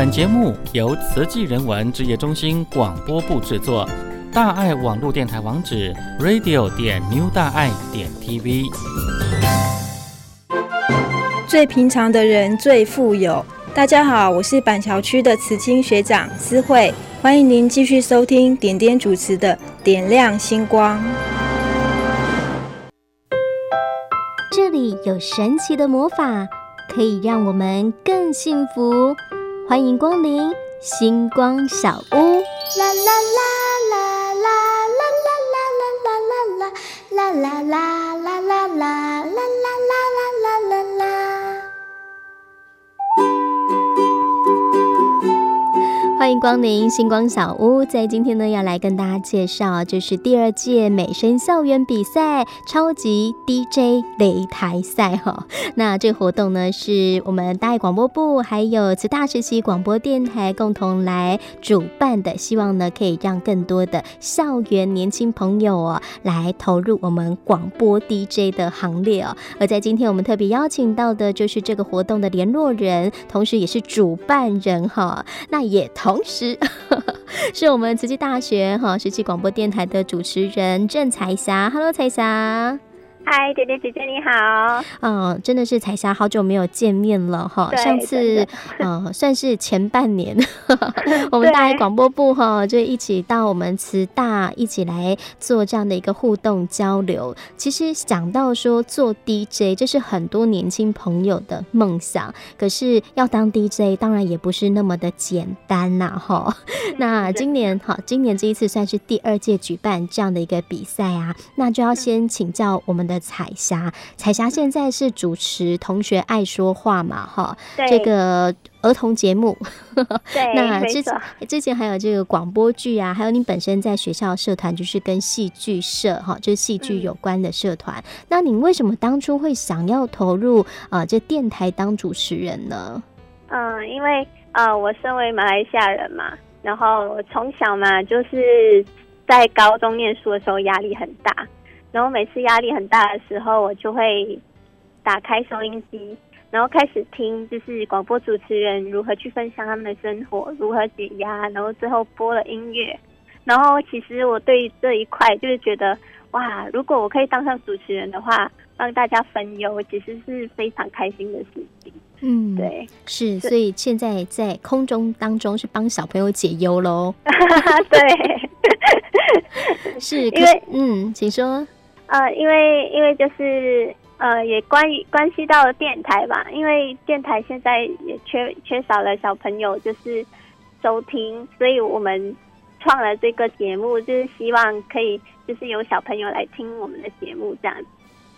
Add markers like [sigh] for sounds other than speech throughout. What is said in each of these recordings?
本節目由慈濟人文志業中心廣播部製作。大愛網絡電臺網址：radio. 點 new 大愛點 tv。最平常的人最富有。大家好，我是板橋區的慈青學長思慧，歡迎您繼續收聽點點主持的《點亮星光》。這裡有神奇的魔法，可以讓我們更幸福。歡迎光臨心光小屋。啦啦啦啦。歡迎光臨心光小屋，在今天呢，要來跟大家介紹，就是第二屆美聲校園比賽超級 DJ 擂台賽哈。那這個活動呢，是我們大愛廣播部還有慈大實習廣播電台共同來主辦的，希望呢可以讓更多的校園年輕朋友哦來投入我們廣播 DJ 的行列哦。而在今天我們特別邀請到的就是這個活動的聯絡人，同時也是主辦人哈。那也同。是， [laughs] 是我們慈濟大學哈，慈濟廣播電台的主持人鄭彩霞。Hello，彩霞。嗨，甜甜姐姐你好。嗯、呃，真的是彩霞，好久沒有見面了哈。上次，對對對呃 [laughs] 算是前半年， [laughs] 我們大愛廣播部哈，就一起到我們慈大一起來做這樣的一個互動交流。其實想到說做 DJ，這是很多年輕朋友的夢想。可是要當 DJ，當然也不是那麼的簡單吶哈。對對對那今年，哈，今年這一次算是第二屆舉辦這樣的一個比賽啊。那就要先請教我們。的彩霞，彩霞現在是主持《同學愛說話》嘛，哈，這個兒童節目。 [laughs] 對，那之前之前還有這個廣播劇啊，還有你本身在學校社團就是跟戲劇社哈，就是戲劇有關的社團。嗯、那你為什麼當初會想要投入呃，這電台當主持人呢？嗯，因為呃，我身為馬來西亞人嘛，然後我從小嘛就是在高中念書的時候壓力很大。然後每次壓力很大的時候，我就會打開收音機，然後開始聽，就是廣播主持人如何去分享他們的生活，如何解壓，然後最後播了音樂。然後其實我對於這一塊就是覺得，哇，如果我可以當上主持人的話，幫大家分憂，其實是非常開心的事情。嗯，對，是，所以現在在空中當中是幫小朋友解憂嘍。 [laughs] 對， [laughs] 是可以嗯，嗯，請說。呃，因為因為就是呃，也關於關係到了電台吧，因為電台現在也缺缺少了小朋友就是收聽，所以我們創了這個節目，就是希望可以就是有小朋友來聽我們的節目這樣子。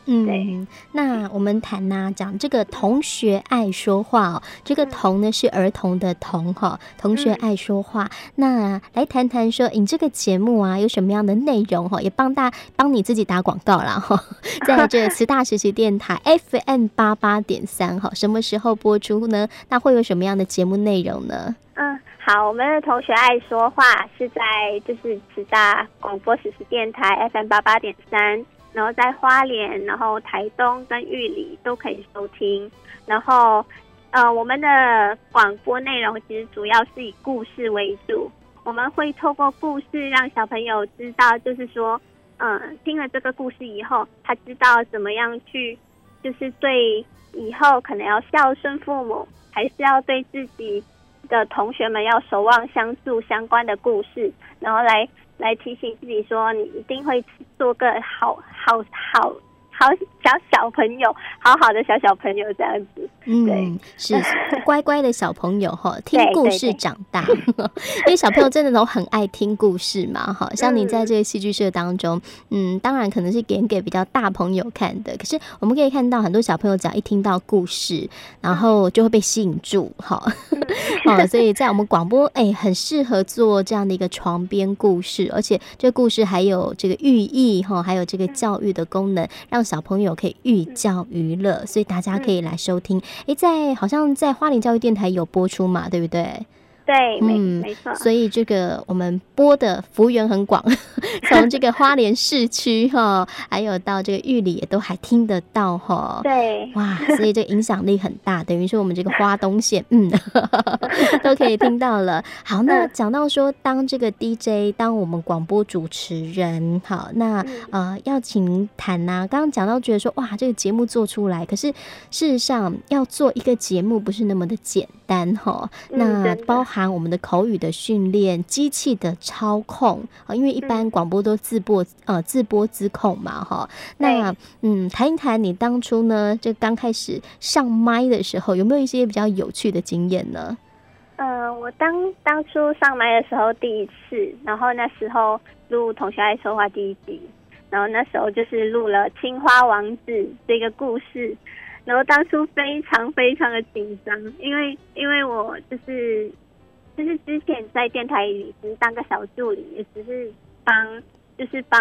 嗯，那我們談吶、啊，講這個同學愛說話哦。嗯、這個童呢是兒童的童哈，同學愛說話、嗯。那來談談說，你這個節目啊有什麼樣的內容哈？也幫大家幫你自己打廣告啦哈， [laughs] 在這慈大實習電台 F M 八八點三哈， [laughs] 什麼時候播出呢？那會有什麼樣的節目內容呢？嗯，好，我們的同學愛說話是在就是慈大廣播實習電台 F M 八八點三。然後在花蓮、然後台東跟玉里都可以收聽。然後，呃，我們的廣播內容其實主要是以故事為主，我們會透過故事讓小朋友知道，就是說，嗯、呃，聽了這個故事以後，他知道怎麼樣去，就是對以後可能要孝順父母，還是要對自己的同學們要守望相助相關的故事，然後來。來提醒自己說，你一定會做個好好好。好，小小朋友，好好的小小朋友這樣子，嗯，對，是乖乖的小朋友哈，聽故事長大，對對對，因為小朋友真的都很愛聽故事嘛，哈， [laughs] 像你在這個戲劇社當中，嗯，當然可能是給給比較大朋友看的，可是我們可以看到很多小朋友只要一聽到故事，然後就會被吸引住，哈， [laughs] 哦，所以在我們廣播，哎、欸，很適合做這樣的一個床邊故事，而且這個故事還有這個寓意哈，還有這個教育的功能， [laughs] 讓。小朋友可以寓教於樂，所以大家可以來收聽。誒、欸，在好像在花蓮教育電台有播出嘛，對不對？對，嗯，沒錯，所以這個我們播的幅員很廣，從這個花蓮市區哈， [laughs] 還有到這個玉里也都還聽得到哈。對，哇，所以這個影響力很大，等於說我們這個花東線，嗯， [laughs] 都可以聽到了。好，那講到說，當這個 DJ，當我們廣播主持人，好，那、嗯、呃，要請您談吶、啊，剛剛講到覺得說，哇，這個節目做出來，可是事實上要做一個節目不是那麼的簡。單、嗯、哈，那包含我們的口語的訓練，嗯、機器的操控啊，因為一般廣播都自播、嗯、呃自播自控嘛哈。那嗯，談一談你當初呢，就剛開始上麥的時候，有沒有一些比較有趣的經驗呢？嗯、呃，我當當初上麥的時候，第一次，然後那時候錄《同學愛說話》第一集，然後那時候就是錄了《青花王子》這個故事。然後當初非常非常的緊張，因為因為我就是就是之前在電台裡只是當個小助理，也只是幫就是幫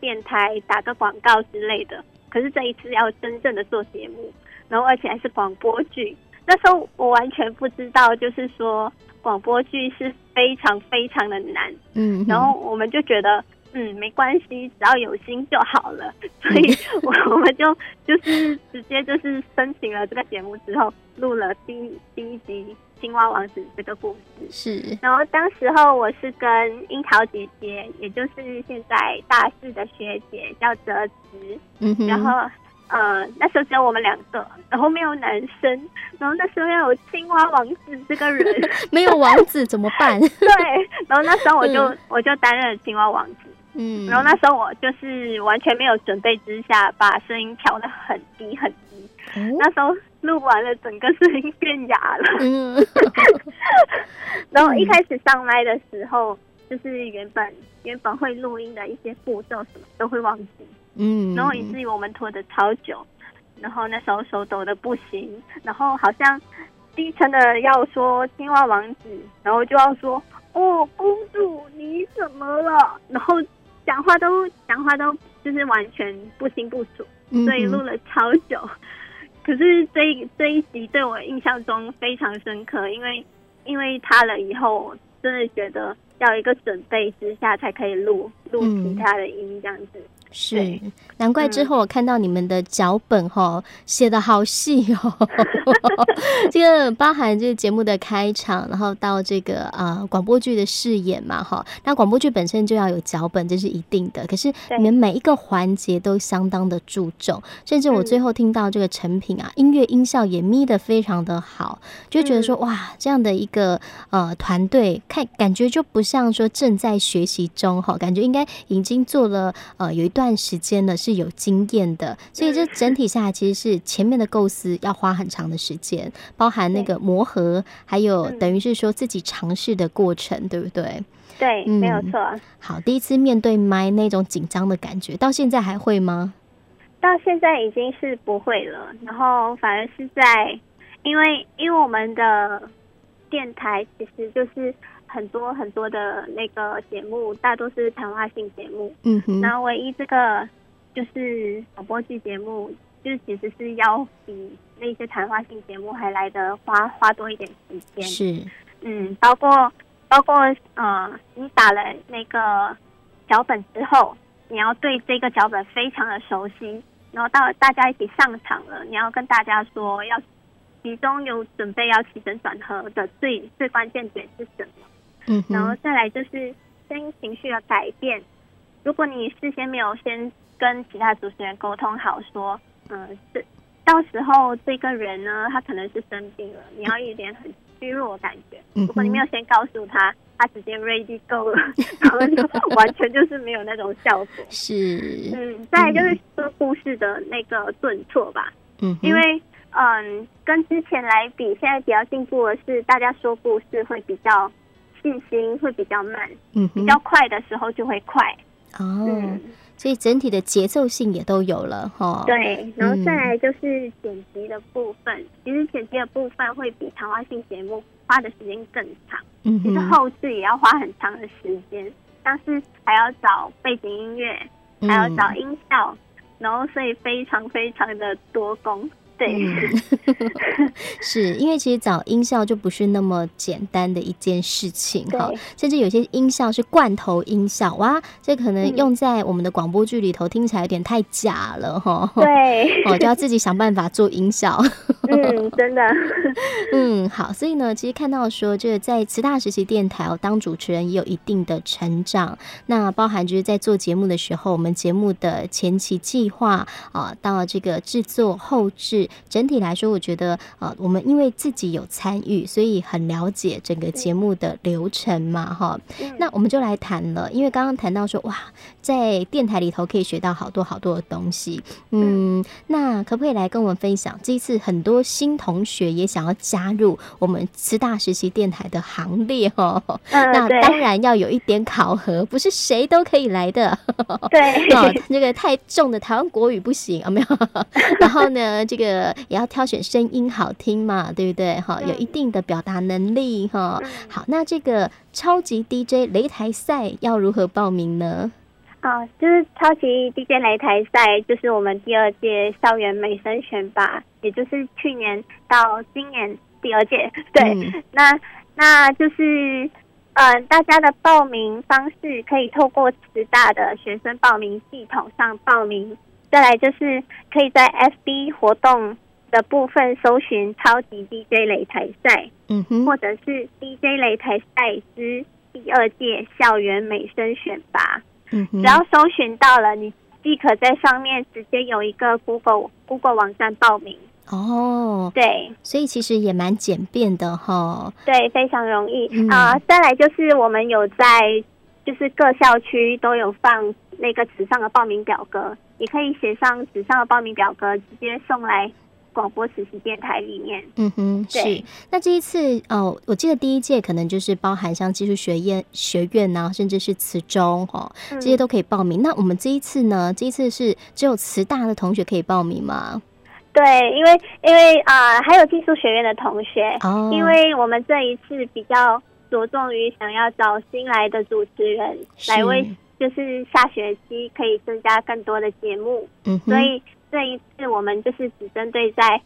電台打個廣告之類的。可是這一次要真正的做節目，然後而且還是廣播劇。那時候我完全不知道，就是說廣播劇是非常非常的難。嗯，然後我們就覺得。嗯，沒關係，只要有心就好了。所以，我我們就 [laughs] 就是直接就是申請了這個節目之後，錄了第一第一集《青蛙王子》這個故事。是。然後當時候我是跟櫻桃姐姐，也就是現在大四的學姐叫哲慈。嗯哼。然後，呃，那時候只有我們兩個，然後沒有男生。然後那時候要有青蛙王子這個人， [laughs] 沒有王子 [laughs] 怎麼辦？對。然後那時候我就、嗯、我就擔任了青蛙王子。嗯，然後那時候我就是完全沒有準備之下，把聲音調得很低很低。哦。那時候錄完了，整個聲音變啞了。 [laughs] 然後一開始上麥的時候，就是原本原本會錄音的一些步驟什麼都會忘記。嗯，然後以至於我們拖得超久。然後那時候手抖得不行。然後好像低沉的要說青蛙王子，然後就要說哦，公主你怎麼了？然後。講話都講話都就是完全不清不楚，所以錄了超久，嗯。可是這一這一集對我印象中非常深刻，因為因為他了以後，真的覺得要一個準備之下才可以錄錄其他的音這樣子。嗯是，難怪之後我看到你們的腳本哈寫得好細哦，喔，這 [laughs] 個包含這個節目的開場，然後到這個呃廣播劇的飾演嘛哈，那廣播劇本身就要有腳本，這是一定的。可是你們每一個環節都相當的注重，甚至我最後聽到這個成品啊，嗯、音樂音效也眯得非常的好，就覺得說、嗯、哇，這樣的一個呃團隊看感覺就不像說正在學習中哈，感覺應該已經做了呃有一段。看時間呢是有經驗的，所以這整體下來其實是前面的構思要花很長的時間，包含那個磨合，還有等於是說自己嘗試的過程，嗯，對不對？對，嗯，沒有錯啊。好，第一次面對麥那種緊張的感覺，到現在還會嗎？到現在已經是不會了，然後反而是在因為因為我們的電台其實就是。很多很多的那個節目，大多是談話性節目，嗯哼。然後唯一這個就是廣播劇節目，就其實是要比那些談話性節目還來得花花多一點時間。是，嗯，包括包括呃，你打了那個腳本之後，你要對這個腳本非常的熟悉，然後到大家一起上場了，你要跟大家說要，要其中有準備要起承轉合的最最關鍵點是什麼？然後再來就是聲音情緒的改變。如果你事先沒有先跟其他主持人溝通好說，說嗯，這到時候這個人呢，他可能是生病了，你要有點很虛弱的感覺。如果你沒有先告訴他，他直接 ready go 了，然後就完全就是沒有那種效果。是，嗯，再來就是說故事的那個頓挫吧。嗯，因為嗯，跟之前來比，現在比較進步的是，大家說故事會比較。信心會比較慢，嗯，比較快的時候就會快哦，嗯，所以整體的節奏性也都有了哈，哦。對，然後再來就是剪輯的部分，嗯，其實剪輯的部分會比談話性節目花的時間更長，嗯，其實後置也要花很長的時間，但是還要找背景音樂，還要找音效，嗯，然後所以非常非常的多工。對，嗯， [laughs] 是因為其實找音效就不是那麼簡單的一件事情哈，甚至有些音效是罐頭音效哇、啊，這可能用在我們的廣播劇裡頭聽起來有點太假了哈。對，哦，就要自己想辦法做音效。 [laughs] 嗯，真的，嗯，好，所以呢，其實看到說，就是在慈大實習電台當主持人也有一定的成長，那包含就是在做節目的時候，我們節目的前期計劃啊，到這個製作後制。整體來說，我覺得呃，我們因為自己有參與，所以很了解整個節目的流程嘛，哈、嗯。那我們就來談了，因為剛剛談到說，哇，在電台裡頭可以學到好多好多的東西。嗯，嗯那可不可以來跟我們分享？這一次很多新同學也想要加入我們慈大實習電台的行列哦、呃。那當然要有一點考核，不是誰都可以來的。呵呵對，這、哦那個太重的台灣國語不行啊、哦，沒有。然後呢，這個。也要挑選聲音好聽嘛，對不對？哈、嗯，有一定的表達能力哈、嗯。好，那這個超級 DJ 擂台賽要如何報名呢？啊，就是超級 DJ 擂台賽，就是我們第二屆校園美聲選拔，也就是去年到今年第二屆。對，嗯、那那就是嗯、呃，大家的報名方式可以透過慈大的學生報名系統上報名。再來就是可以在 FB 活動的部分搜尋“超級 DJ 擂台賽”，嗯哼，或者是 “DJ 擂台賽之第二屆校園美聲選拔”。嗯哼，只要搜尋到了，你即可在上面直接有一個 Google Google 網站報名。哦，對，所以其實也蠻簡便的哈。對，非常容易啊，嗯，呃，再來就是我們有在，就是各校區都有放那個紙上的報名表格。也可以寫上紙上的報名表格，直接送來廣播實習電臺裡面。嗯哼，是那這一次哦，我記得第一屆可能就是包含像技術學院、學院啊，甚至是慈中哦、嗯，這些都可以報名。那我們這一次呢？這一次是只有慈大的同學可以報名嗎？對，因為因為啊、呃，還有技術學院的同學、哦。因為我們這一次比較着重於想要找新來的主持人來為。就是下學期可以增加更多的節目，嗯，所以這一次我們就是只針對在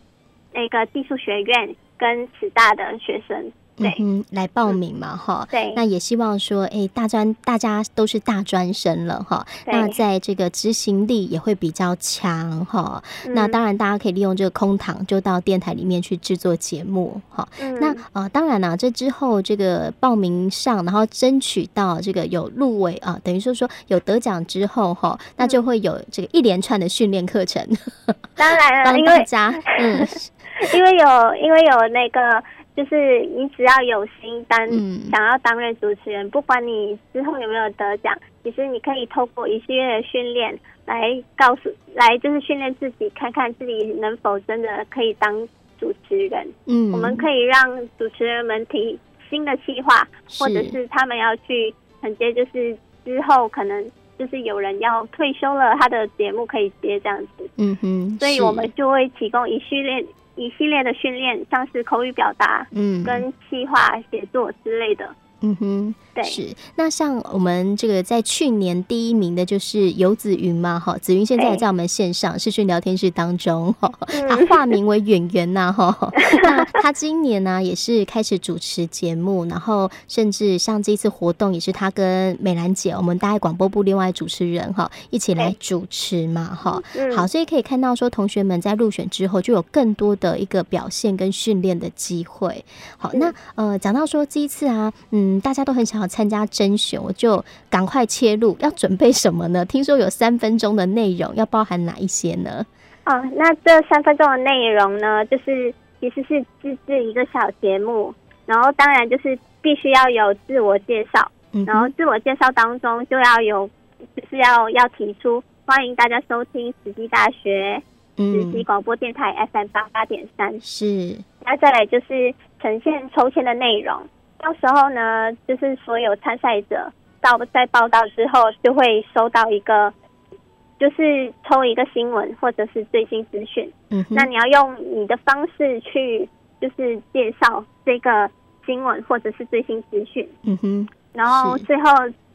那個技術學院跟慈大的學生。嗯，來報名嘛，哈、嗯。對。那也希望說，哎、欸，大專大家都是大專生了，哈。那在這個執行力也會比較強，哈、嗯。那當然，大家可以利用這個空檔，就到電台裡面去制作節目，哈。嗯。那啊，當然了、啊，這之後這個報名上，然後爭取到這個有入圍啊，等於說說有得獎之後，哈、嗯，那就會有這個一連串的訓練課程。當然了，大家嗯，因為，、嗯、因為有因為有那個。就是你只要有心，但想要擔任主持人，嗯，不管你之後有沒有得獎，其實你可以透過一系列的訓練來告訴，來就是訓練自己，看看自己能否真的可以當主持人。嗯，我們可以讓主持人們提新的計劃，或者是他們要去承接，就是之後可能就是有人要退休了，他的節目可以接這樣子。嗯哼，所以我們就會提供一系列。一系列的訓練，像是口語表達、嗯，跟企劃寫作之類的，嗯哼。是，那像我們這個在去年第一名的就是游子云嘛，哈，子云現在也在我們線上視訊聊天室當中，他、欸、化名為演員吶，哈， [laughs] 那他今年呢、啊、也是開始主持節目，然後甚至像這一次活動也是他跟美蘭姐，我們大愛廣播部另外主持人哈一起來主持嘛，哈，好，所以可以看到說同學們在入選之後就有更多的一個表現跟訓練的機會，好，那呃講到說這一次啊，嗯，大家都很想。參加甄選，我就趕快切入。要準備什麼呢？聽說有三分鐘的內容，要包含哪一些呢？哦、啊，那這三分鐘的內容呢，就是其實是自制一個小節目，然後當然就是必須要有自我介紹，然後自我介紹當中就要有、嗯、就是要要提出歡迎大家收聽慈濟大學慈濟廣播電臺 FM 八八點三，是，那再來就是呈現抽籤的內容。到時候呢，就是所有參賽者到在報道之後，就會收到一個，就是抽一個新聞或者是最新資訊。嗯哼，那你要用你的方式去，就是介紹這個新聞或者是最新資訊。嗯哼，然後最後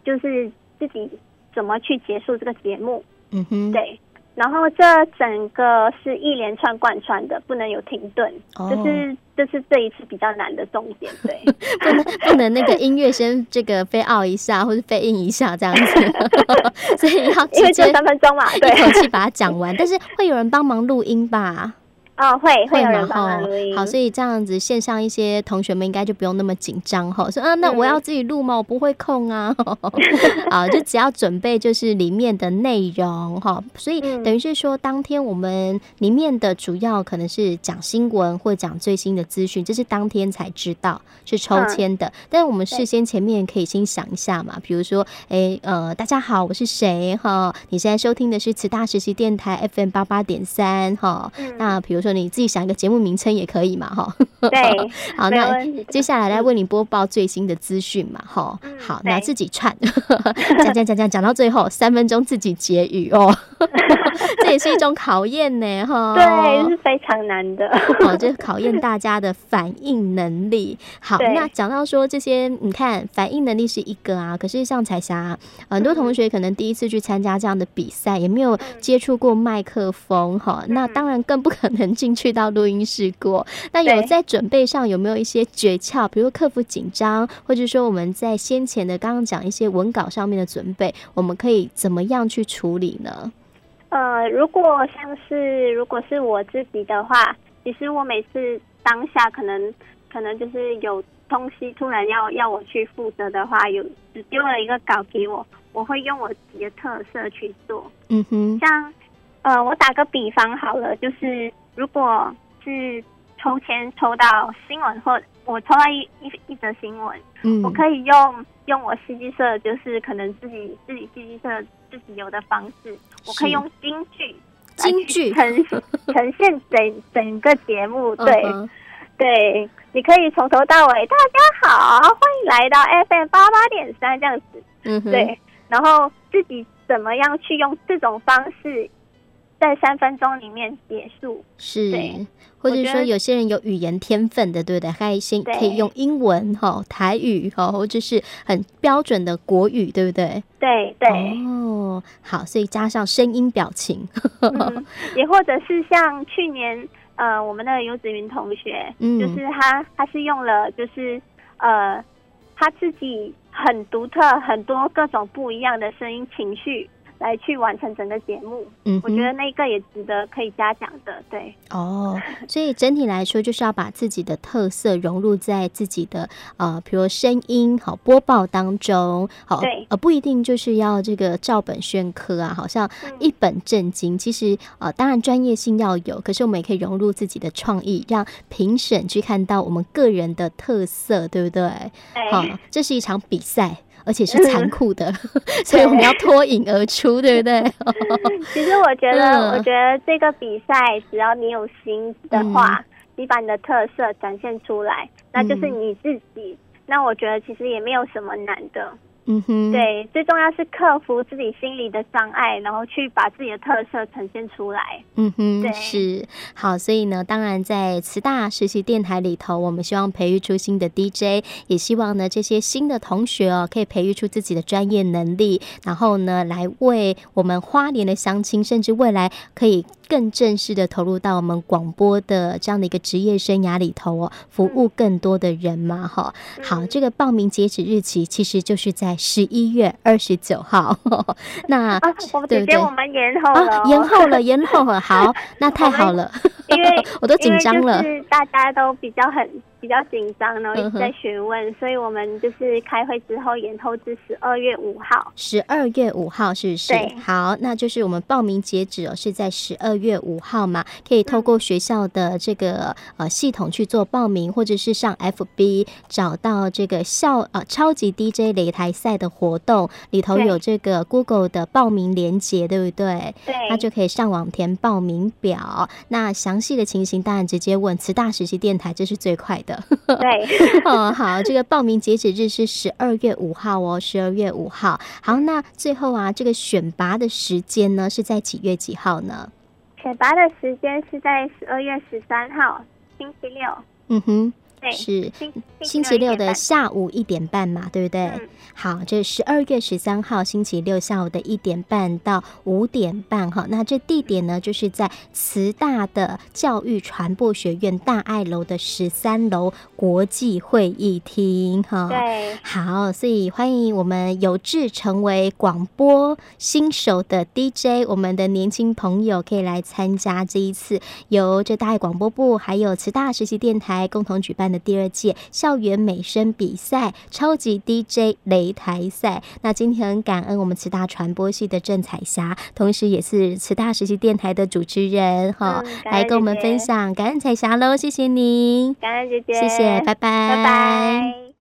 就是自己怎麼去結束這個節目。嗯哼，對，然後這整個是一連串貫穿的，不能有停頓。哦，就是。這是這一次比較難的重點，對，呵呵不能不能，那個音樂先這個 fade out 一下，或者 fade in 一下這樣子， [laughs] 呵呵所以要控制三分鐘嘛，對，一口氣把它講完， [laughs] 但是會有人幫忙錄音吧？哦，會會嘛哦。好，所以這樣子線上一些同學們應該就不用那麼緊張哈。說啊，那我要自己錄嗎？嗯？我不會控啊， [laughs] 啊，就只要準備就是裡面的內容哈。所以、嗯、等於是說，當天我們裡面的主要可能是講新聞或講最新的資訊，這、就是當天才知道是抽籤的。嗯、但是我們事先前面可以先想一下嘛，比如說，哎、欸、呃，大家好，我是誰哈？你現在收聽的是慈大實習電台 FM 八八點三哈。那比如說。你自己想一個節目名稱也可以嘛，哈。對，好，那接下來來為你播報最新的資訊嘛，哈、嗯。好，那自己串，講講講講講到最後三分鐘自己結語哦， [laughs] 這也是一種考驗呢，哈。對，是非常難的，好這、就是、考驗大家的反應能力。好，那講到說這些，你看反應能力是一個啊，可是像彩霞、啊，很多同學可能第一次去參加這樣的比賽、嗯，也沒有接觸過麥克風，哈、嗯，那當然更不可能。進去到錄音室過，那有在準備上有沒有一些訣竅？比如說克服緊張，或者說我們在先前的剛剛講一些文稿上面的準備，我們可以怎麼樣去處理呢？呃，如果像是如果是我自己的話，其實我每次當下可能可能就是有東西突然要要我去負責的話，有只丟了一個稿給我，我會用我自己的特色去做。嗯哼，像呃，我打個比方好了，就是。如果是抽籤抽到新聞，或我抽到一一一則新聞，嗯，我可以用用我戲劇社，就是可能自己自己戲劇社自己有的方式，我可以用京劇京劇呈金呈現整 [laughs] 整個節目，對，uh-huh. 對，你可以從頭到尾，大家好，歡迎來到 FM 八八點三這樣子，嗯，對，然後自己怎麼樣去用這種方式？在三分鐘裡面結束是，或者說有些人有語言天分的，對不對？開心可以用英文吼，台語吼，或者是很標準的國語，對不對？對對哦，好，所以加上聲音表情，嗯、 [laughs] 也或者是像去年呃我們的游子雲同學，嗯，就是他他是用了就是呃他自己很獨特很多各種不一樣的聲音情緒。來去完成整個節目，嗯，我覺得那個也值得可以嘉獎的，對。哦，所以整體來說，就是要把自己的特色融入在自己的啊、呃，比如聲音好播報當中，好、哦，呃，不一定就是要這個照本宣科啊，好像一本正經。嗯、其實啊、呃，當然專業性要有，可是我們也可以融入自己的創意，讓評審去看到我們個人的特色，對不對？對。好、哦，這是一場比賽。而且是殘酷的，嗯、 [laughs] 所以我們要脫穎而出，對不對？其實我覺得、嗯，我覺得這個比賽，只要你有心的話、嗯，你把你的特色展現出來，嗯、那就是你自己、嗯。那我覺得其實也沒有什麼難的。嗯哼，對，最重要是克服自己心理的障礙，然後去把自己的特色呈現出來。嗯哼，對，是好。所以呢，當然在慈大實習電台裡頭，我們希望培育出新的 DJ，也希望呢這些新的同學哦、喔，可以培育出自己的專業能力，然後呢來為我們花蓮的鄉親，甚至未來可以。更正式的投入到我們廣播的這樣的一個職業生涯裡頭哦，服務更多的人嘛哈、嗯。好，這個報名截止日期其實就是在十一月二十九號。呵呵那、啊我，對不對？我們延後了、哦啊，延後了，延後了。好， [laughs] 那太好了， [laughs] 我, [laughs] 因為我都緊張了，大家都比較很。比較緊張，然後一直在詢問、嗯，所以我們就是開會之後延後至十二月五號。十二月五號是不是？對。好，那就是我們報名截止哦、喔，是在十二月五號嘛？可以透過學校的這個、嗯、呃系統去做報名，或者是上 FB 找到這個校呃超級 DJ 擂台賽的活動裡頭有這個 Google 的報名鏈接，對不對？對。那就可以上網填報名表。那詳細的情形當然直接問慈大實習電台，這是最快的。對哦， [laughs] 好，這個報名截止日是十二月五號哦，十二月五號。好，那最後啊，這個選拔的時間呢是在幾月幾號呢？選拔的時間是在十二月十三號，星期六。嗯哼。對，是星，星期六的下午一點半嘛，對不對？好，這十二月十三號星期六下午的一點半到五點半，哈，那這地點呢，就是在慈大的教育傳播學院大愛樓的十三樓國際會議廳，哈。對，好，所以歡迎我們有志成為廣播新手的 DJ，我們的年輕朋友可以來參加這一次由這大愛廣播部還有慈大實習電台共同舉辦。的第二屆校園美聲比賽超級 DJ 擂台賽，那今天很感恩我們慈大傳播系的鄭彩霞，同時也是慈大實習電台的主持人，嗯，來跟我們分享。感恩彩霞嘍，謝謝你，感恩姐姐，謝謝，拜拜，拜拜。